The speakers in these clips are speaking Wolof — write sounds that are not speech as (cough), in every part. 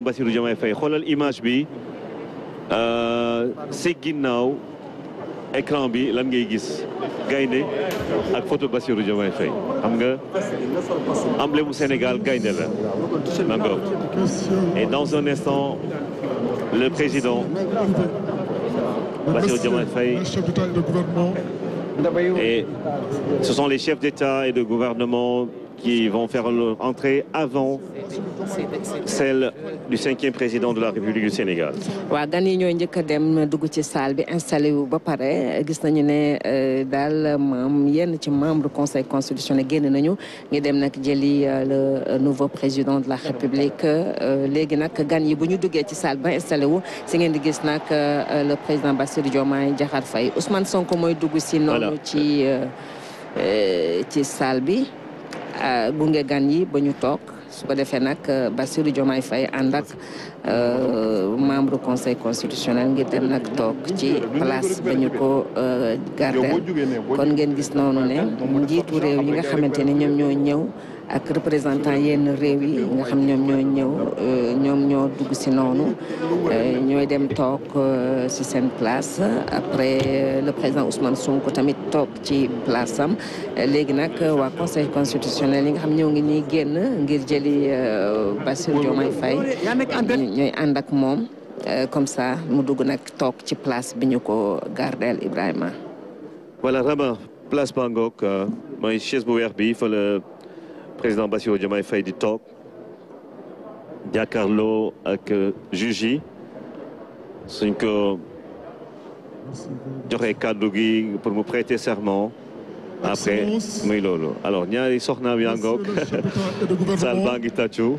Bassirou Diomaye Faye xoolal image bi euh, si ginnaaw écran bi lan ngay gis gaynde ak photo Bassirou Diomaye Faye nga emblème mu Sénégal gaynde la d'accord et dans un instant le président Bassirou Diomaye et ce sont les chefs d'État et de gouvernement qui vont faire entrer avant celle du cinquième président de la République du Sénégal. waaw gan yi ñooy njëkk dem dugg ci salle bi installé wu ba pare gis nañu ne euh, daal yenn ci membre conseil constitutionnel génn nañu ngi dem nag jëli euh, le euh, nouveau président de la République léegi nag gan yi bu ñu duggee ci sal ba installé wu si ngeen di gis nag le président Bassirou Diomaye Diakhar Faye Ousmane Sonko mooy dugg si noonu ci ci salle bi. bunge euh, gan yi ba ñu toog su ko defee nag euh, Bassirou Diomaye fay ànd ak euh, membre conseil constitutionnel ngir dem nag toog ci place ba ñu ko gardeel kon ngeen gis noonu ne njiitu réew yi nga xamante ne ñoom ñoo ñëw ak représentant yenn réew yi nga xam ñoom ñoo ñëw euh, ñoom ñoo dugg si noonu euh, ñooy dem toog euh, si seen place après le président Ousmane Sonko tamit toog ci place am léegi nag waa conseil constitutionnel yi nga xam ñoo ngi ñuy génn ngir jëli bassil Diomaye Faye ñooy ànd ak moom comme ça mu dugg nag toog ci place bi ñu ko gardeel Ibrahima. président Bassirou Diomaye Faye di toog jàkkaarloo ak euh, juge yi suñ ko joxe kàddu gi pour mu prêter serment après muy loolu alors ñaari soxnaam yaa ngoog saal baa ngi tàccu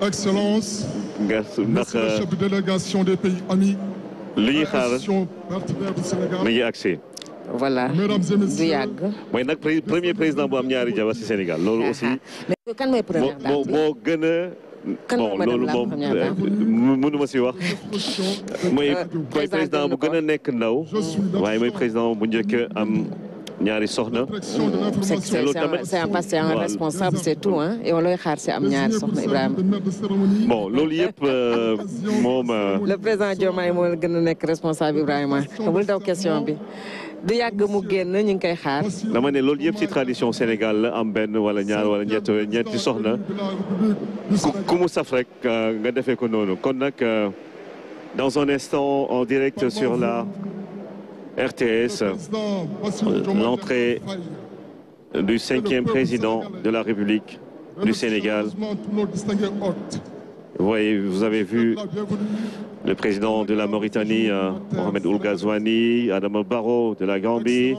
Excellence, Monsieur le chef délégation des pays amis, li ñuy xaar mi voilà du yàgg. mooy nag premier président bu am ñaari jabar ci Sénégal loolu aussi. Ah, ah. mais kan mooy première dame moo gën loolu moom euh, mënu ma ci wax. (laughs) Euh, mooy président bu gën a nekk ndaw. Mm. waaye mooy président bu njëkk am. ñaari soxna. Mm. c'est un parce que un responsable c'est tout hein et looy xaar si am ñaari soxna Ibrahima. bon loolu yëpp euh, moom. le président Diomaye moo gën a nekk responsable Ibrahima bul daw question bi. du yàgg mu génn ñu ngi koy xaar. dama ne loolu yëpp ci tradition Sénégal la am benn wala ñaar wala ñett ñetti soxna ku mu saf rek euh, nga defee ko noonu kon nag euh, dans un instant en direct sur la RTS l'entrée du cinquième président de la République du Sénégal. voyez, vous avez vu le président de la Mauritanie, euh, Mohamed Oulgazouani, Adama Barrow de la Gambie,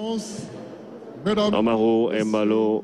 Amaro Embalo